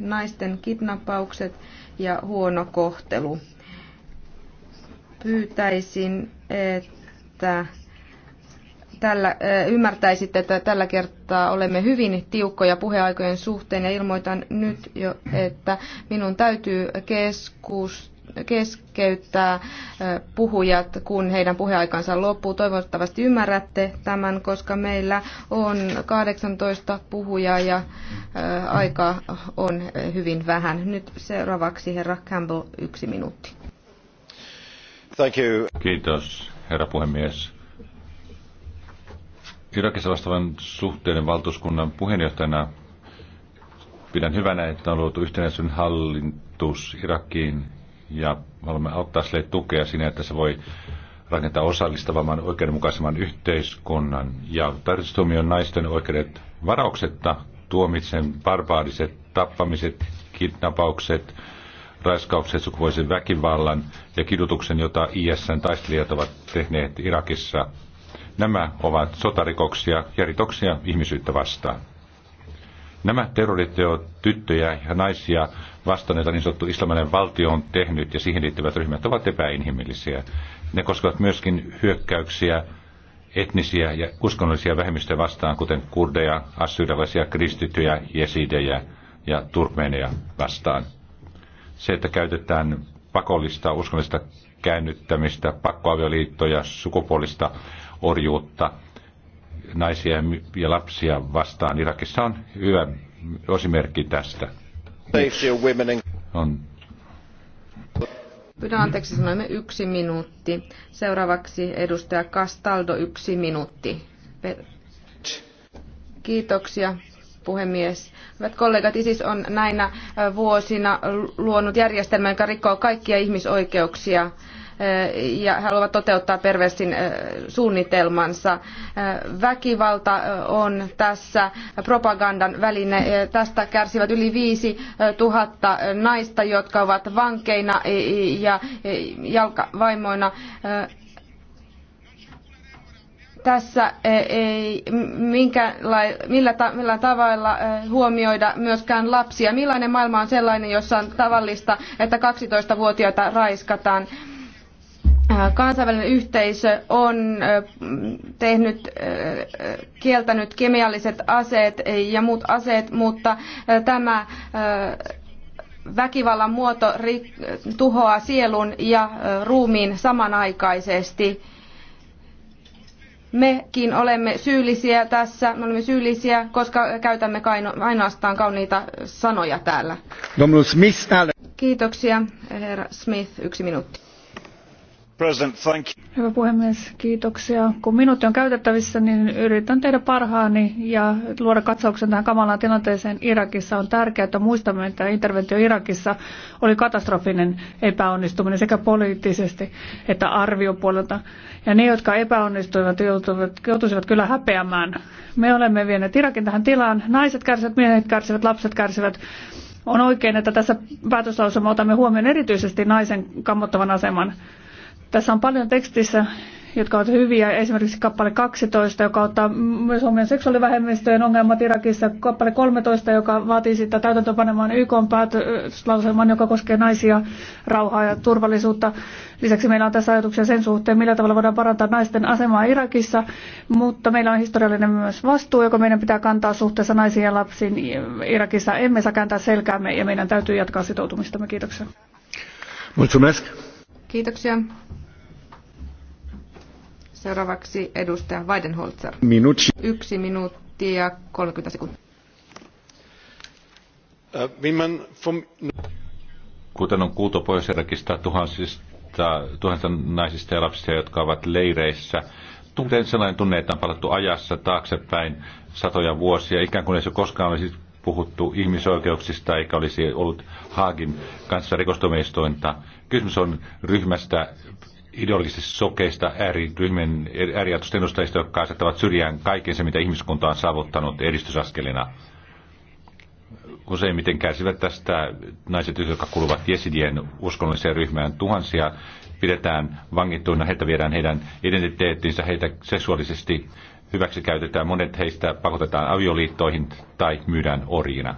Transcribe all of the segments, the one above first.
naisten kidnappaukset ja huono kohtelu. Pyytäisin, että tällä, ymmärtäisitte, että tällä kertaa olemme hyvin tiukkoja puheaikojen suhteen ja ilmoitan nyt jo, että minun täytyy keskustella keskeyttää puhujat, kun heidän puheaikansa loppuu. Toivottavasti ymmärrätte tämän, koska meillä on 18 puhujaa ja aika on hyvin vähän. Nyt seuraavaksi herra Campbell, yksi minuutti. Thank you. Kiitos, herra puhemies. Irakissa vastaavan suhteiden valtuuskunnan puheenjohtajana pidän hyvänä, että on luotu yhtenäisyyden hallitus Irakiin ja haluamme auttaa sille tukea siinä, että se voi rakentaa osallistavamman, oikeudenmukaisemman yhteiskunnan. Ja on naisten oikeudet varauksetta tuomitsen barbaariset tappamiset, kidnapaukset, raiskaukset, sukupuolisen väkivallan ja kidutuksen, jota ISN taistelijat ovat tehneet Irakissa. Nämä ovat sotarikoksia ja rikoksia ihmisyyttä vastaan. Nämä terroriteot tyttöjä ja naisia vastanneita niin sanottu islamilainen valtio on tehnyt ja siihen liittyvät ryhmät ovat epäinhimillisiä. Ne koskevat myöskin hyökkäyksiä etnisiä ja uskonnollisia vähemmistöjä vastaan, kuten kurdeja, assyrialaisia, kristityjä, jesidejä ja turkmeeneja vastaan. Se, että käytetään pakollista uskonnollista käännyttämistä, pakkoavioliittoja, sukupuolista orjuutta naisia ja lapsia vastaan Irakissa on hyvä osimerkki tästä. Pyydän anteeksi, sanoimme yksi minuutti. Seuraavaksi edustaja Castaldo, yksi minuutti. Kiitoksia, puhemies. Hyvät kollegat, ISIS on näinä vuosina luonut järjestelmän, joka rikkoo kaikkia ihmisoikeuksia ja haluavat toteuttaa perversin suunnitelmansa. Väkivalta on tässä propagandan väline. Tästä kärsivät yli viisi tuhatta naista, jotka ovat vankeina ja jalkavaimoina tässä ei millä, millä tavalla huomioida myöskään lapsia. Millainen maailma on sellainen, jossa on tavallista, että 12-vuotiaita raiskataan? Kansainvälinen yhteisö on tehnyt, kieltänyt kemialliset aseet ja muut aseet, mutta tämä väkivallan muoto tuhoaa sielun ja ruumiin samanaikaisesti. Mekin olemme syyllisiä tässä, me olemme syyllisiä, koska käytämme ainoastaan kauniita sanoja täällä. Kiitoksia, herra Smith, yksi minuutti Hyvä puhemies, kiitoksia. Kun minuutti on käytettävissä, niin yritän tehdä parhaani ja luoda katsauksen tähän kamalaan tilanteeseen Irakissa. On tärkeää, että muistamme, että interventio Irakissa oli katastrofinen epäonnistuminen sekä poliittisesti että arviopuolelta. Ja ne, jotka epäonnistuivat, joutuisivat kyllä häpeämään. Me olemme vieneet Irakin tähän tilaan. Naiset kärsivät, miehet kärsivät, lapset kärsivät. On oikein, että tässä päätöslausuma otamme huomioon erityisesti naisen kammottavan aseman tässä on paljon tekstissä, jotka ovat hyviä, esimerkiksi kappale 12, joka ottaa myös huomioon seksuaalivähemmistöjen ongelmat Irakissa, kappale 13, joka vaatii sitä täytäntöpanemaan YK päätöslauselman, joka koskee naisia, rauhaa ja turvallisuutta. Lisäksi meillä on tässä ajatuksia sen suhteen, millä tavalla voidaan parantaa naisten asemaa Irakissa, mutta meillä on historiallinen myös vastuu, joka meidän pitää kantaa suhteessa naisiin ja lapsiin Irakissa. Emme saa kääntää selkäämme ja meidän täytyy jatkaa sitoutumistamme. Kiitoksia. Mulțumesc. Kiitoksia. Seuraavaksi edustaja Weidenholzer. Minuutti. Yksi minuutti ja 30 sekuntia. Äh, Kuten on kuultu pohjois tuhansista, tuhansista naisista ja lapsista, jotka ovat leireissä, tunteen sellainen tunne, että on palattu ajassa taaksepäin satoja vuosia, ikään kuin ei se koskaan olisi puhuttu ihmisoikeuksista eikä olisi ollut Haagin kanssa rikostuomioistuinta. Kysymys on ryhmästä ideologisesti sokeista ääriryhmien ääriajatusten edustajista, jotka asettavat syrjään kaiken se, mitä ihmiskunta on saavuttanut edistysaskelina. Useimmiten kärsivät tästä naiset, jotka kuuluvat jesidien uskonnolliseen ryhmään. Tuhansia pidetään vangittuina, heitä viedään heidän identiteettinsä, heitä seksuaalisesti hyväksikäytetään, monet heistä pakotetaan avioliittoihin tai myydään orjina.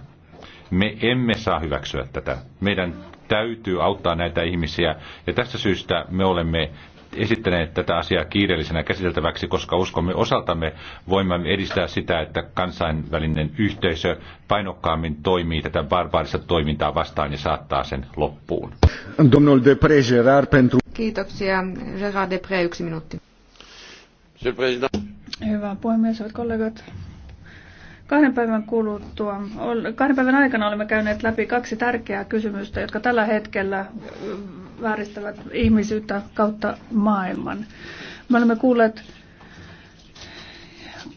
Me emme saa hyväksyä tätä. Meidän täytyy auttaa näitä ihmisiä ja tästä syystä me olemme esittäneet tätä asiaa kiireellisenä käsiteltäväksi, koska uskomme osaltamme voimme edistää sitä, että kansainvälinen yhteisö painokkaammin toimii tätä barbaarista toimintaa vastaan ja saattaa sen loppuun. Kiitoksia. Gerard Depre, yksi minuutti. Hyvä puhemies, hyvät kollegat. Kahden päivän kuluttua, kahden päivän aikana olemme käyneet läpi kaksi tärkeää kysymystä, jotka tällä hetkellä vääristävät ihmisyyttä kautta maailman. Me olemme kuulleet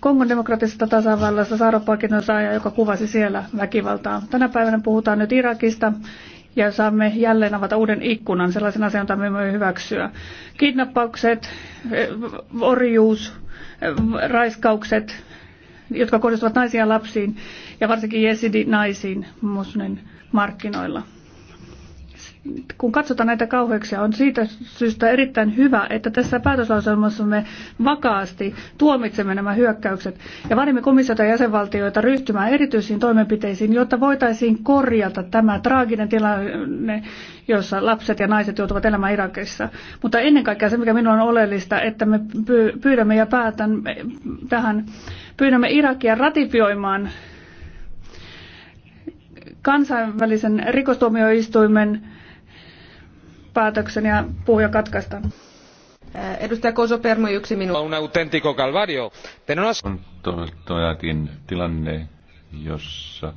Kongon demokraattisesta tasavallasta saaropalkinnon saaja, joka kuvasi siellä väkivaltaa. Tänä päivänä puhutaan nyt Irakista ja saamme jälleen avata uuden ikkunan sellaisen asian, jota me emme hyväksyä. Kidnappaukset, eh, orjuus, eh, raiskaukset, jotka kohdistuvat naisiin ja lapsiin ja varsinkin jesidi-naisiin muslimin markkinoilla. Kun katsotaan näitä kauheuksia, on siitä syystä erittäin hyvä, että tässä päätöslauselmassa me vakaasti tuomitsemme nämä hyökkäykset ja vaadimme komissiota ja jäsenvaltioita ryhtymään erityisiin toimenpiteisiin, jotta voitaisiin korjata tämä traaginen tilanne, jossa lapset ja naiset joutuvat elämään Irakissa. Mutta ennen kaikkea se, mikä minulla on oleellista, että me pyydämme ja päätän tähän Pyydämme Irakia ratifioimaan kansainvälisen rikostuomioistuimen päätöksen ja puhuja katkaista. Eh, edustaja Koso Permo, yksi minuutti. Un autentico calvario. On todellakin tilanne, jossa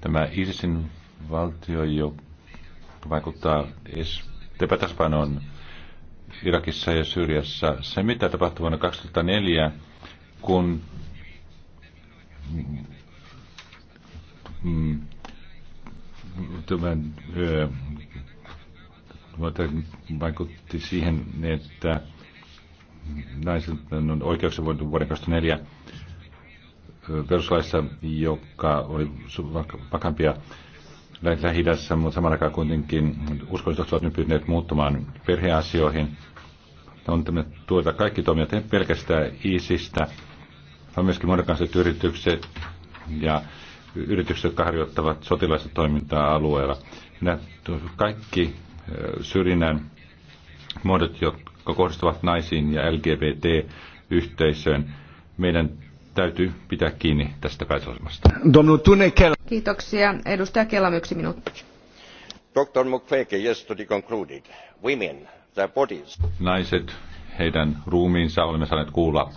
tämä ISISin valtio, joka vaikuttaa epätasapainoon Irakissa ja Syyriassa. Se, mitä tapahtui vuonna 2004, kun niin. Mm. tämän, vaikutti siihen, että naisen on oikeuksia voitu vuoden 2004 peruslaissa, joka oli vakampia lähi mutta samalla aikaa kuitenkin uskonnolliset ovat nyt pyrkineet muuttumaan perheasioihin. On tämmöinen tuota kaikki toimijat, ei pelkästään ISISistä, on myöskin monikansalliset yritykset ja yritykset, jotka harjoittavat sotilaista toimintaa alueella. Nämä kaikki syrjinnän muodot, jotka kohdistuvat naisiin ja LGBT-yhteisöön, meidän täytyy pitää kiinni tästä päätösosmasta. Kiitoksia. Edustaja Kelam, yksi minuutti. Dr. Mukwege yesterday concluded, women, their bodies. Naiset, heidän ruumiinsa, olemme saaneet kuulla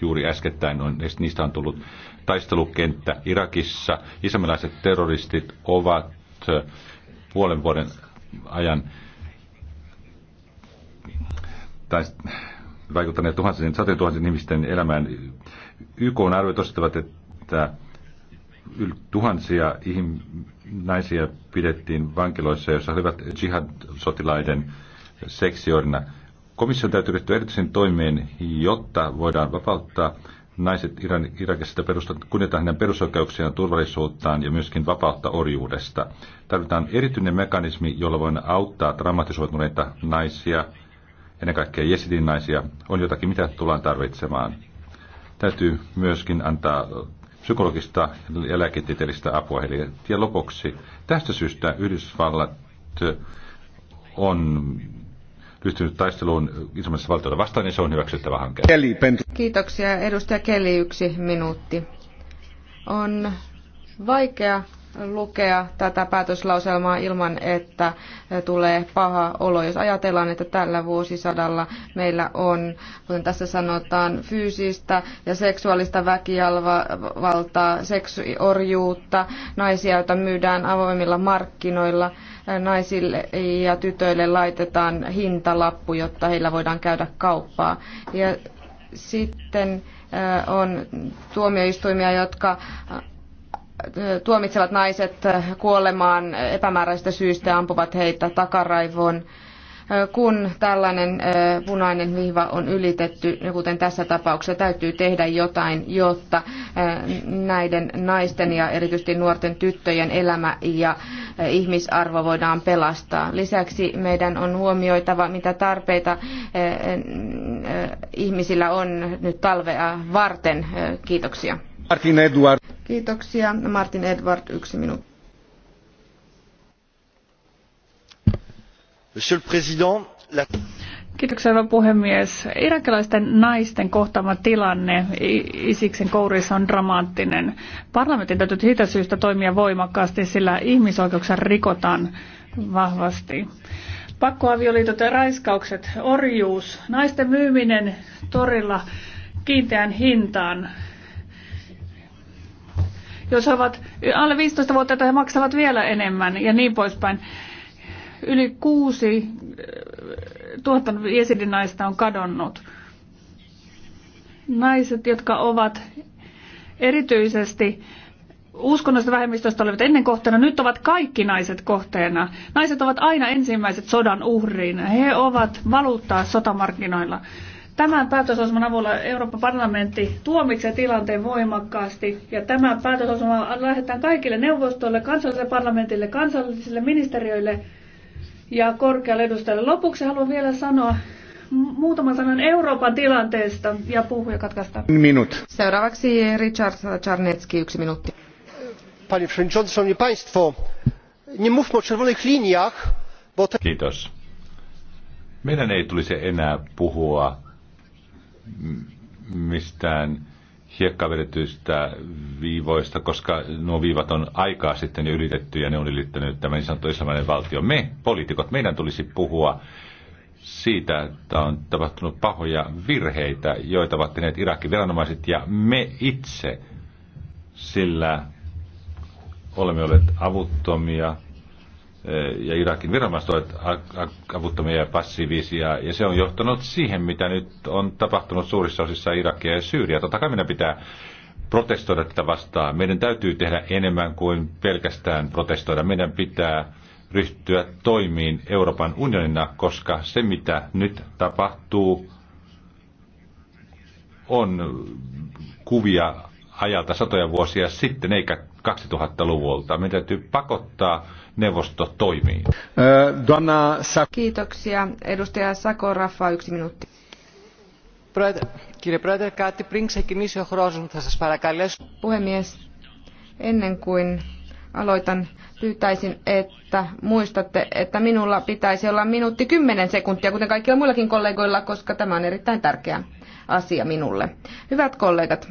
juuri äskettäin on, niistä on tullut taistelukenttä Irakissa. Islamilaiset terroristit ovat puolen vuoden ajan tai vaikuttaneet tuhansien, satojen tuhansien ihmisten elämään. YK on arviot että tuhansia ihm naisia pidettiin vankiloissa, joissa olivat jihad-sotilaiden seksioidina. Komission täytyy ryhtyä erityisen toimeen, jotta voidaan vapauttaa naiset Iran, Irakista kunnioittaa hänen perusoikeuksiaan, turvallisuuttaan ja myöskin vapautta orjuudesta. Tarvitaan erityinen mekanismi, jolla voin auttaa traumatisoituneita naisia, ennen kaikkea jesidin naisia, on jotakin, mitä tullaan tarvitsemaan. Täytyy myöskin antaa psykologista ja lääketieteellistä apua heille. Ja lopuksi, tästä syystä Yhdysvallat on ryhtynyt taisteluun islamilaisessa valtiota vastaan, niin se on hyväksyttävä hanke. Kiitoksia. Edustaja Kelly, yksi minuutti. On vaikea lukea tätä päätöslauselmaa ilman, että tulee paha olo, jos ajatellaan, että tällä vuosisadalla meillä on, kuten tässä sanotaan, fyysistä ja seksuaalista väkivaltaa, seksuorjuutta, naisia, joita myydään avoimilla markkinoilla, naisille ja tytöille laitetaan hintalappu, jotta heillä voidaan käydä kauppaa. Ja sitten äh, on tuomioistuimia, jotka äh, tuomitsevat naiset kuolemaan epämääräistä syystä ja ampuvat heitä takaraivoon kun tällainen punainen viiva on ylitetty, niin kuten tässä tapauksessa täytyy tehdä jotain, jotta näiden naisten ja erityisesti nuorten tyttöjen elämä ja ihmisarvo voidaan pelastaa. Lisäksi meidän on huomioitava, mitä tarpeita ihmisillä on nyt talvea varten. Kiitoksia. Martin Edward. Kiitoksia. Martin Edward, yksi minuutti. arvoisa puhemies. Irakilaisten naisten kohtaama tilanne Isiksen kourissa on dramaattinen. Parlamentin täytyy siitä syystä toimia voimakkaasti, sillä ihmisoikeuksia rikotaan vahvasti. Pakkoavioliitot ja raiskaukset, orjuus, naisten myyminen torilla kiinteään hintaan. Jos he ovat alle 15 vuotta, he maksavat vielä enemmän ja niin poispäin yli kuusi eh, tuhatta jesidinaista on kadonnut. Naiset, jotka ovat erityisesti uskonnollisesta vähemmistöstä olivat ennen kohteena, nyt ovat kaikki naiset kohteena. Naiset ovat aina ensimmäiset sodan uhriin. He ovat valuuttaa sotamarkkinoilla. Tämän päätösosman avulla Euroopan parlamentti tuomitsee tilanteen voimakkaasti ja tämä päätösosma lähetetään kaikille neuvostoille, kansalliselle parlamentille, kansallisille ministeriöille ja korkealle edustajalle. Lopuksi haluan vielä sanoa muutaman sanan Euroopan tilanteesta ja puhuja katkaista. Minut. Seuraavaksi Richard Czarnecki, yksi minuutti. Panie przewodniczący, szanowni państwo, nie mówmy o czerwonych liniach, bo... Te... Kiitos. Meidän ei tulisi enää puhua mistään hiekkavedetyistä viivoista, koska nuo viivat on aikaa sitten jo ylitetty ja ne on ylittänyt tämä niin sanottu islamilainen valtio. Me, poliitikot, meidän tulisi puhua siitä, että on tapahtunut pahoja virheitä, joita ovat tehneet Irakin viranomaiset ja me itse, sillä olemme olleet avuttomia, ja Irakin viranomaiset ovat avuttomia ja passiivisia, ja se on johtanut siihen, mitä nyt on tapahtunut suurissa osissa Irakia ja Syyriä. Totta kai meidän pitää protestoida tätä vastaan. Meidän täytyy tehdä enemmän kuin pelkästään protestoida. Meidän pitää ryhtyä toimiin Euroopan unionina, koska se, mitä nyt tapahtuu, on kuvia ajalta satoja vuosia sitten, eikä 2000-luvulta. Meidän täytyy pakottaa neuvosto toimii. Kiitoksia. Edustaja Sako Raffa, yksi minuutti. Puhemies, ennen kuin aloitan, pyytäisin, että muistatte, että minulla pitäisi olla minuutti kymmenen sekuntia, kuten kaikilla muillakin kollegoilla, koska tämä on erittäin tärkeä asia minulle. Hyvät kollegat,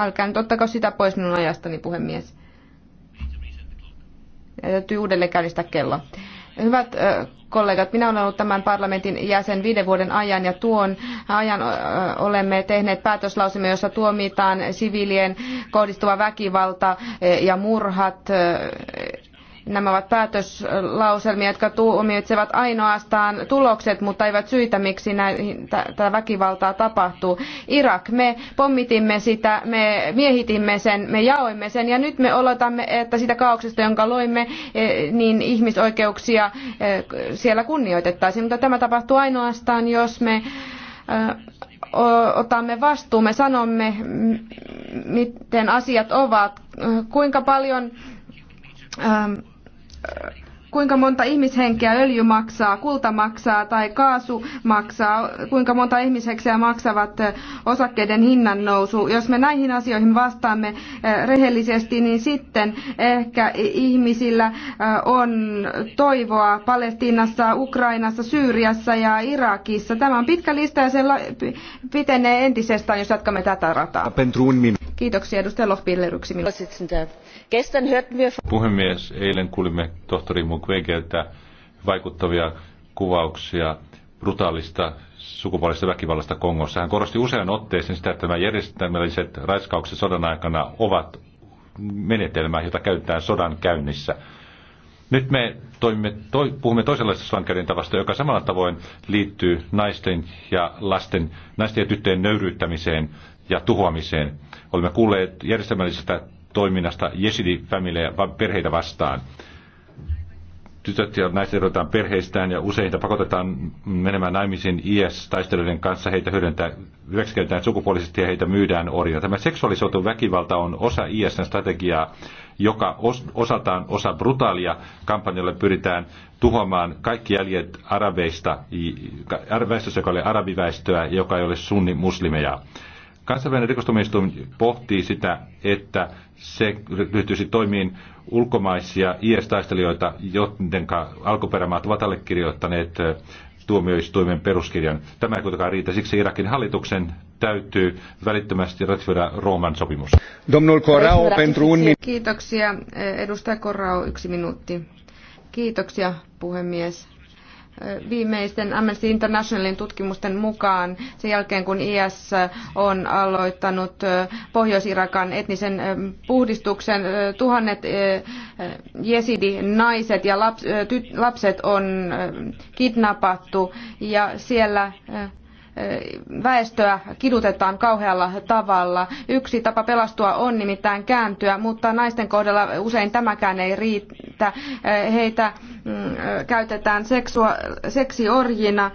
Älkää nyt ottako sitä pois minun ajastani, puhemies. Ja täytyy uudelleen käynnistää kello. Hyvät kollegat, minä olen ollut tämän parlamentin jäsen viiden vuoden ajan ja tuon ajan olemme tehneet päätöslausimme, jossa tuomitaan siviilien kohdistuva väkivalta ja murhat Nämä ovat päätöslauselmia, jotka tuomitsevat ainoastaan tulokset, mutta eivät syitä, miksi tätä väkivaltaa tapahtuu. Irak, me pommitimme sitä, me miehitimme sen, me jaoimme sen ja nyt me oletamme, että sitä kaauksesta, jonka loimme, e, niin ihmisoikeuksia e, siellä kunnioitettaisiin. Mutta tämä tapahtuu ainoastaan, jos me e, otamme vastuun, me sanomme, miten asiat ovat, kuinka paljon kuinka monta ihmishenkeä öljy maksaa, kulta maksaa tai kaasu maksaa, kuinka monta ihmishenkeä maksavat osakkeiden hinnan nousu. Jos me näihin asioihin vastaamme rehellisesti, niin sitten ehkä ihmisillä on toivoa Palestiinassa, Ukrainassa, Syyriassa ja Irakissa. Tämä on pitkä lista ja se pitenee entisestään, jos jatkamme tätä rataa. Kiitoksia edustaja Puhemies, eilen kuulimme tohtori Mukwegeltä vaikuttavia kuvauksia brutaalista sukupuolista väkivallasta Kongossa. Hän korosti usean otteeseen sitä, että nämä järjestelmälliset raiskaukset sodan aikana ovat menetelmä, jota käytetään sodan käynnissä. Nyt me toimimme, toi, puhumme toisenlaisesta tavasta, joka samalla tavoin liittyy naisten ja lasten, naisten ja tyttöjen nöyryyttämiseen ja tuhoamiseen. Olemme kuulleet järjestelmällisestä toiminnasta jesidi-familia perheitä vastaan. Tytöt ja naiset erotetaan perheistään ja usein heitä pakotetaan menemään naimisiin IS-taistelijoiden kanssa. Heitä hyödyntää, hyväksikäytetään sukupuolisesti ja heitä myydään orjina. Tämä seksuaalisoitu väkivalta on osa is strategiaa, joka os, osaltaan osa brutaalia kampanjalle pyritään tuhoamaan kaikki jäljet arabeista, väestössä, joka oli arabiväestöä, joka ei ole sunni muslimeja. Kansainvälinen rikostuomioistuin pohtii sitä, että se ryhtyisi toimiin ulkomaisia IS-taistelijoita, joiden alkuperämaat ovat allekirjoittaneet tuomioistuimen peruskirjan. Tämä ei kuitenkaan riitä, siksi Irakin hallituksen täytyy välittömästi ratifioida Rooman sopimus. Siis- Kiitoksia. Edustaja Korrao, yksi minuutti. Kiitoksia, puhemies viimeisten Amnesty Internationalin tutkimusten mukaan sen jälkeen, kun IS on aloittanut Pohjois-Irakan etnisen puhdistuksen, tuhannet jesidinaiset ja lapset on kidnappattu ja siellä väestöä kidutetaan kauhealla tavalla. Yksi tapa pelastua on nimittäin kääntyä, mutta naisten kohdalla usein tämäkään ei riitä. Heitä mm, käytetään seksua, seksiorjina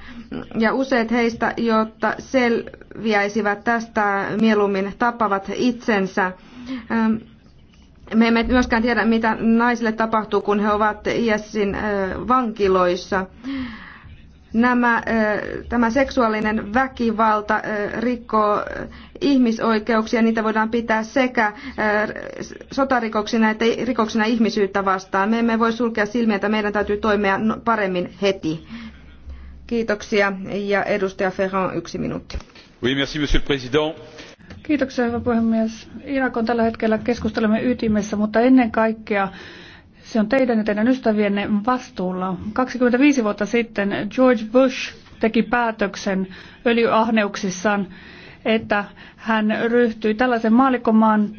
ja useat heistä, jotta selviäisivät tästä, mieluummin tappavat itsensä. Ähm, me emme myöskään tiedä, mitä naisille tapahtuu, kun he ovat ISin äh, vankiloissa nämä, tämä seksuaalinen väkivalta rikkoo ihmisoikeuksia, niitä voidaan pitää sekä sotarikoksina että rikoksina ihmisyyttä vastaan. Me emme voi sulkea silmiä, että meidän täytyy toimia no, paremmin heti. Kiitoksia ja edustaja Ferran yksi minuutti. Oui, merci, monsieur le président. Kiitoksia, hyvä puhemies. Irak on tällä hetkellä keskustelemme ytimessä, mutta ennen kaikkea se on teidän ja teidän ystävienne vastuulla. 25 vuotta sitten George Bush teki päätöksen öljyahneuksissaan, että hän ryhtyi tällaisen maalikomaan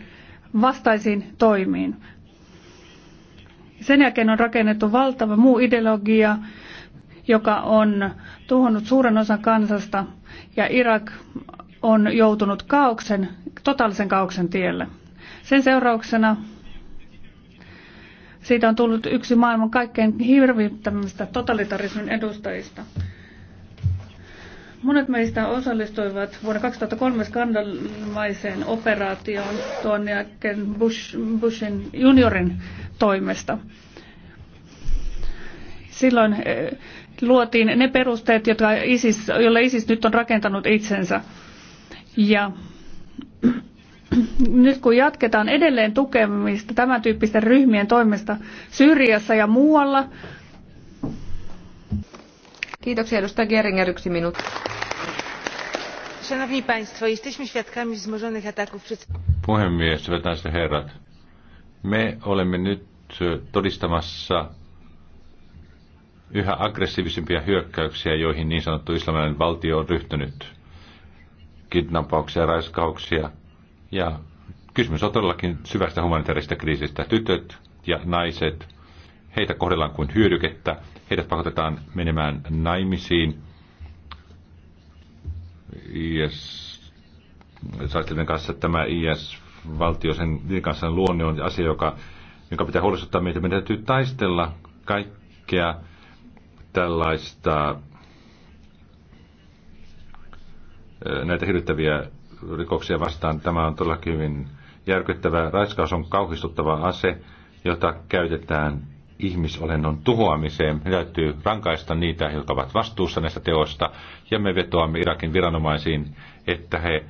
vastaisiin toimiin. Sen jälkeen on rakennettu valtava muu ideologia, joka on tuhonnut suuren osan kansasta ja Irak on joutunut kaauksen, totaalisen kaauksen tielle. Sen seurauksena siitä on tullut yksi maailman kaikkein hirvittämistä totalitarismin edustajista. Monet meistä osallistuivat vuonna 2003 skandalmaiseen operaatioon tuon jälkeen Bush, Bushin juniorin toimesta. Silloin eh, luotiin ne perusteet, jotka ISIS, joille ISIS nyt on rakentanut itsensä. Ja nyt kun jatketaan edelleen tukemista tämän tyyppisten ryhmien toimesta Syyriassa ja muualla. Kiitoksia edustaja Geringer, yksi minuutti. Szanowni Państwo, jesteśmy świadkami wzmożonych ataków przed... Puhemies, hyvät naiset herrat. Me olemme nyt todistamassa yhä aggressiivisempia hyökkäyksiä, joihin niin sanottu islamilainen valtio on ryhtynyt. Kidnappauksia, raiskauksia, ja kysymys on todellakin syvästä humanitaarisesta kriisistä. Tytöt ja naiset, heitä kohdellaan kuin hyödykettä, heidät pakotetaan menemään naimisiin. IS, saistelijan kanssa tämä IS-valtio, sen kanssa luonne on asia, joka, joka pitää huolestuttaa meitä. Meidän täytyy taistella kaikkea tällaista näitä hirvittäviä rikoksia vastaan. Tämä on todellakin hyvin järkyttävä. Raiskaus on kauhistuttava ase, jota käytetään ihmisolennon tuhoamiseen. Me täytyy rankaista niitä, jotka ovat vastuussa näistä teoista, ja me vetoamme Irakin viranomaisiin, että he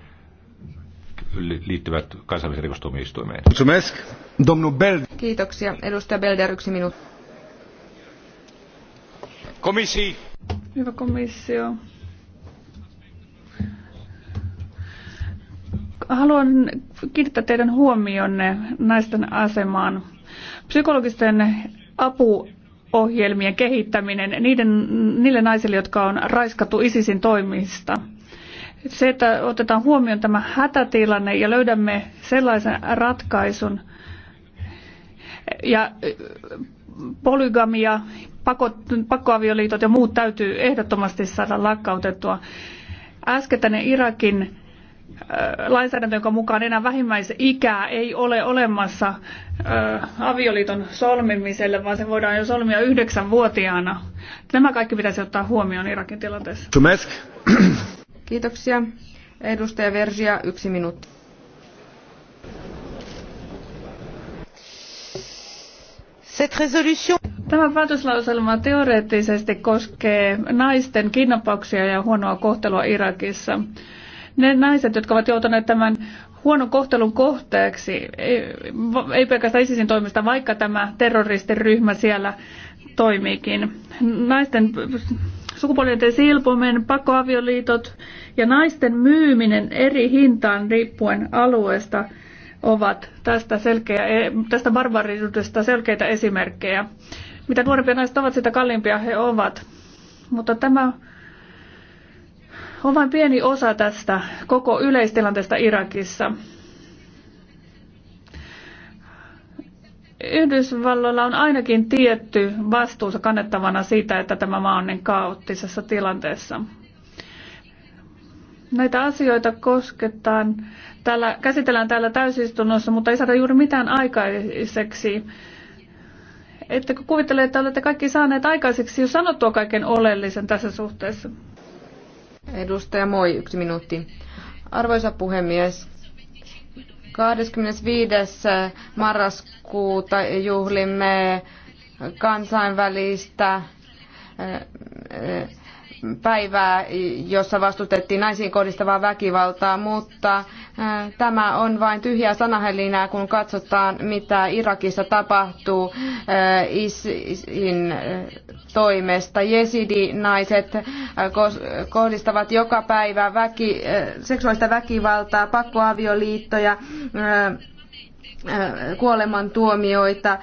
liittyvät kansainvälisen rikostuomioistuimeen. Kiitoksia. Edustaja Belder, yksi minuutti. Komissi. Hyvä komissio. Haluan kiinnittää teidän huomionne naisten asemaan. Psykologisten apuohjelmien kehittäminen niiden, niille naisille, jotka on raiskattu ISISin toimista. Se, että otetaan huomioon tämä hätätilanne ja löydämme sellaisen ratkaisun ja polygamia, pakot, pakkoavioliitot ja muut täytyy ehdottomasti saada lakkautettua. Äskettäinen Irakin lainsäädäntö, jonka mukaan enää vähimmäisikää ei ole olemassa avioliiton solmimiselle, vaan se voidaan jo solmia yhdeksänvuotiaana. Nämä kaikki pitäisi ottaa huomioon Irakin tilanteessa. Kiitoksia. Edustaja Versia, yksi minuutti. Tämä päätöslauselma teoreettisesti koskee naisten kidnappauksia ja huonoa kohtelua Irakissa. Ne naiset, jotka ovat joutuneet tämän huonon kohtelun kohteeksi, ei, ei pelkästään ISISin toimista, vaikka tämä terroristiryhmä siellä toimiikin. Naisten sukupuolinen silpominen, pakkoavioliitot ja naisten myyminen eri hintaan riippuen alueesta ovat tästä, selkeä, e, tästä barbarisuudesta selkeitä esimerkkejä. Mitä nuorempia naiset ovat, sitä kalliimpia he ovat. Mutta tämä on vain pieni osa tästä koko yleistilanteesta Irakissa. Yhdysvalloilla on ainakin tietty vastuunsa kannettavana siitä, että tämä maa on niin kaoottisessa tilanteessa. Näitä asioita kosketaan täällä, käsitellään täällä täysistunnossa, mutta ei saada juuri mitään aikaiseksi. Ettekö kuvittele, että olette kaikki saaneet aikaiseksi jo sanottua kaiken oleellisen tässä suhteessa? Edustaja Moi, yksi minuutti. Arvoisa puhemies, 25. marraskuuta juhlimme kansainvälistä eh, päivää, jossa vastustettiin naisiin kohdistavaa väkivaltaa, mutta eh, tämä on vain tyhjää sanahelinää, kun katsotaan, mitä Irakissa tapahtuu eh, toimesta. Jesidi-naiset äh, kohdistavat joka päivä väki, äh, seksuaalista väkivaltaa, pakkoavioliittoja, äh, Äh, kuolemantuomioita.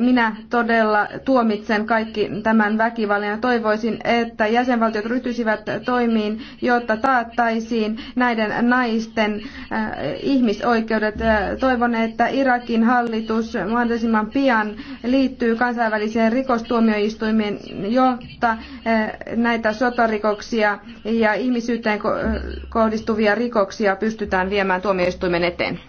Minä todella tuomitsen kaikki tämän väkivallan ja toivoisin, että jäsenvaltiot ryhtyisivät toimiin, jotta taattaisiin näiden naisten äh, ihmisoikeudet. Äh, toivon, että Irakin hallitus mahdollisimman pian liittyy kansainväliseen rikostuomioistuimeen, jotta näitä sotarikoksia ja ihmisyyteen kohdistuvia rikoksia pystytään viemään tuomioistuimen eteen.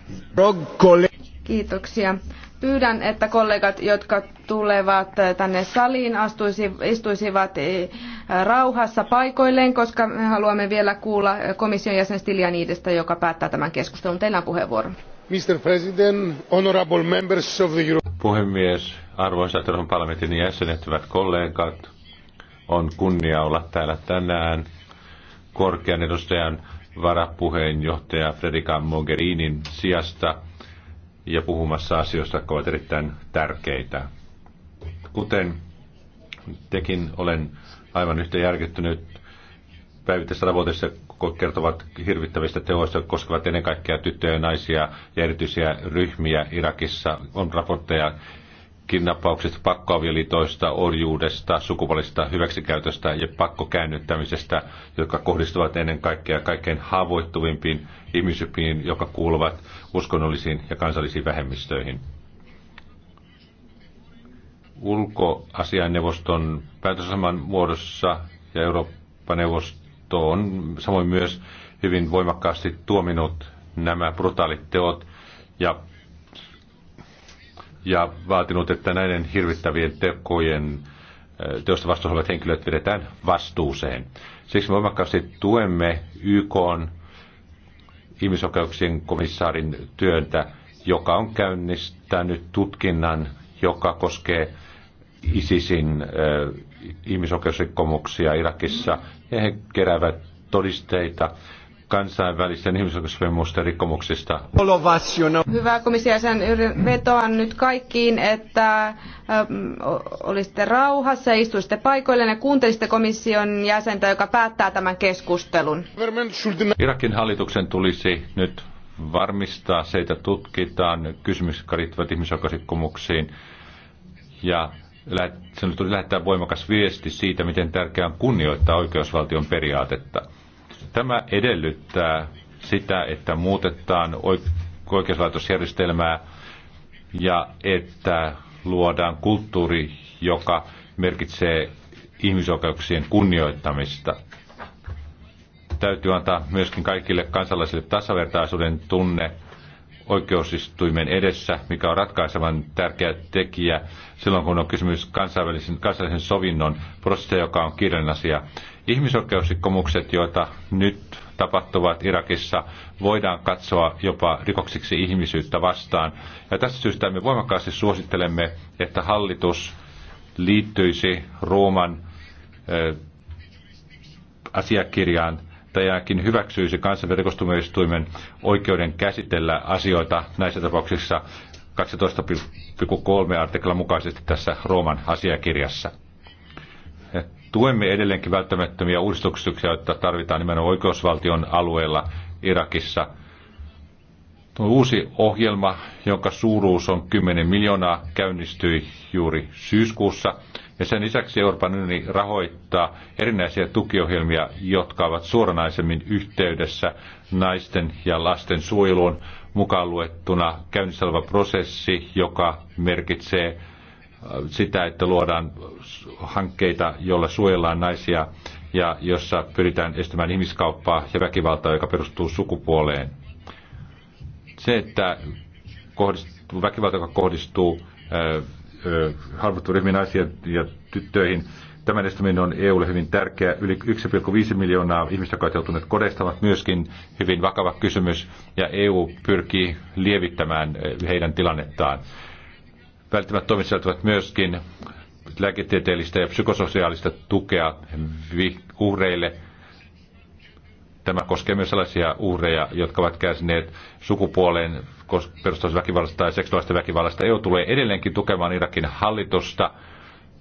Kiitoksia. Pyydän, että kollegat, jotka tulevat tänne saliin, istuisivat eh, rauhassa paikoilleen, koska me haluamme vielä kuulla komission jäsen Stiljaniidesta, joka päättää tämän keskustelun. Teillä on puheenvuoro. Mr. President, honorable members of the Euro- Puhemies, arvoisat Euroopan parlamentin jäsenet, hyvät kollegat, on kunnia olla täällä tänään korkean edustajan varapuheenjohtaja Frederica Mogherinin sijasta – ja puhumassa asioista, jotka ovat erittäin tärkeitä. Kuten tekin olen aivan yhtä järkyttynyt päivittäisessä raportissa kertovat hirvittävistä teoista, jotka koskevat ennen kaikkea tyttöjä ja naisia ja erityisiä ryhmiä Irakissa. On raportteja kidnappauksista, pakkoavioliitoista, orjuudesta, sukupuolista hyväksikäytöstä ja pakkokäännyttämisestä, jotka kohdistuvat ennen kaikkea kaikkein haavoittuvimpiin ihmisyppiin, jotka kuuluvat uskonnollisiin ja kansallisiin vähemmistöihin. Ulkoasiainneuvoston päätösaman muodossa ja Eurooppa-neuvosto on samoin myös hyvin voimakkaasti tuominut nämä brutaalit teot ja ja vaatinut, että näiden hirvittävien tekojen eh, teosta vastuussa olevat henkilöt vedetään vastuuseen. Siksi me voimakkaasti tuemme YK ihmisoikeuksien komissaarin työntä, joka on käynnistänyt tutkinnan, joka koskee ISISin eh, ihmisoikeusrikkomuksia Irakissa, ja he keräävät todisteita kansainvälisten ihmisoikeusvemusten rikkomuksista. Hyvä komissiasen vetoan nyt kaikkiin, että olisitte rauhassa istuisitte paikoilleen ja kuuntelisitte komission jäsentä, joka päättää tämän keskustelun. Irakin hallituksen tulisi nyt varmistaa se, että tutkitaan kysymykset, jotka liittyvät ihmisoikeusrikkomuksiin ja sen tuli lähettää voimakas viesti siitä, miten tärkeää on kunnioittaa oikeusvaltion periaatetta. Tämä edellyttää sitä, että muutetaan oikeuslaitosjärjestelmää ja että luodaan kulttuuri, joka merkitsee ihmisoikeuksien kunnioittamista. Täytyy antaa myöskin kaikille kansalaisille tasavertaisuuden tunne oikeusistuimen edessä, mikä on ratkaisevan tärkeä tekijä silloin, kun on kysymys kansainvälisen, kansainvälisen sovinnon prosessista, joka on kirjallinen asia. Ihmisoikeusrikkomukset, joita nyt tapahtuvat Irakissa, voidaan katsoa jopa rikoksiksi ihmisyyttä vastaan. Ja tästä syystä me voimakkaasti suosittelemme, että hallitus liittyisi Rooman äh, asiakirjaan tai ainakin hyväksyisi kansanverkostumistuimen oikeuden käsitellä asioita näissä tapauksissa 12.3 artiklan mukaisesti tässä Rooman asiakirjassa. Tuemme edelleenkin välttämättömiä uudistuksia, joita tarvitaan nimenomaan oikeusvaltion alueella Irakissa. Tuo uusi ohjelma, jonka suuruus on 10 miljoonaa, käynnistyi juuri syyskuussa. Ja sen lisäksi Euroopan unioni rahoittaa erinäisiä tukiohjelmia, jotka ovat suoranaisemmin yhteydessä naisten ja lasten suojeluun mukaan luettuna käynnissä oleva prosessi, joka merkitsee sitä, että luodaan hankkeita, joilla suojellaan naisia ja jossa pyritään estämään ihmiskauppaa ja väkivaltaa, joka perustuu sukupuoleen. Se, että kohdistuu, väkivalta, joka kohdistuu halvottuihin naisiin ja tyttöihin, Tämän estäminen on EUlle hyvin tärkeä. Yli 1,5 miljoonaa ihmistä, jotka ovat joutuneet kodeista, ovat myöskin hyvin vakava kysymys, ja EU pyrkii lievittämään heidän tilannettaan välttämättä toimisivat myöskin lääketieteellistä ja psykososiaalista tukea uhreille. Tämä koskee myös sellaisia uhreja, jotka ovat kärsineet sukupuoleen perustuvasta väkivallasta tai seksuaalista väkivallasta. EU tulee edelleenkin tukemaan Irakin hallitusta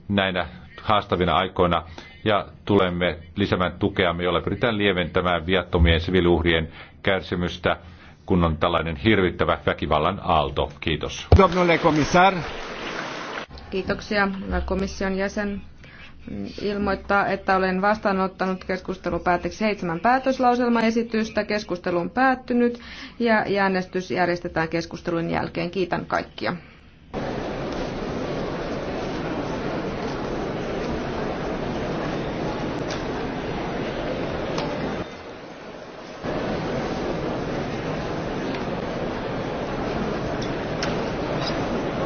näinä haastavina aikoina ja tulemme lisäämään tukeamme, jolla pyritään lieventämään viattomien siviiliuhrien kärsimystä kun on tällainen hirvittävä väkivallan aalto. Kiitos. Kiitoksia, komission jäsen ilmoittaa, että olen vastaanottanut keskustelupäätteeksi seitsemän päätöslauselmaesitystä. Keskustelu on päättynyt ja äänestys järjestetään keskustelun jälkeen. Kiitän kaikkia.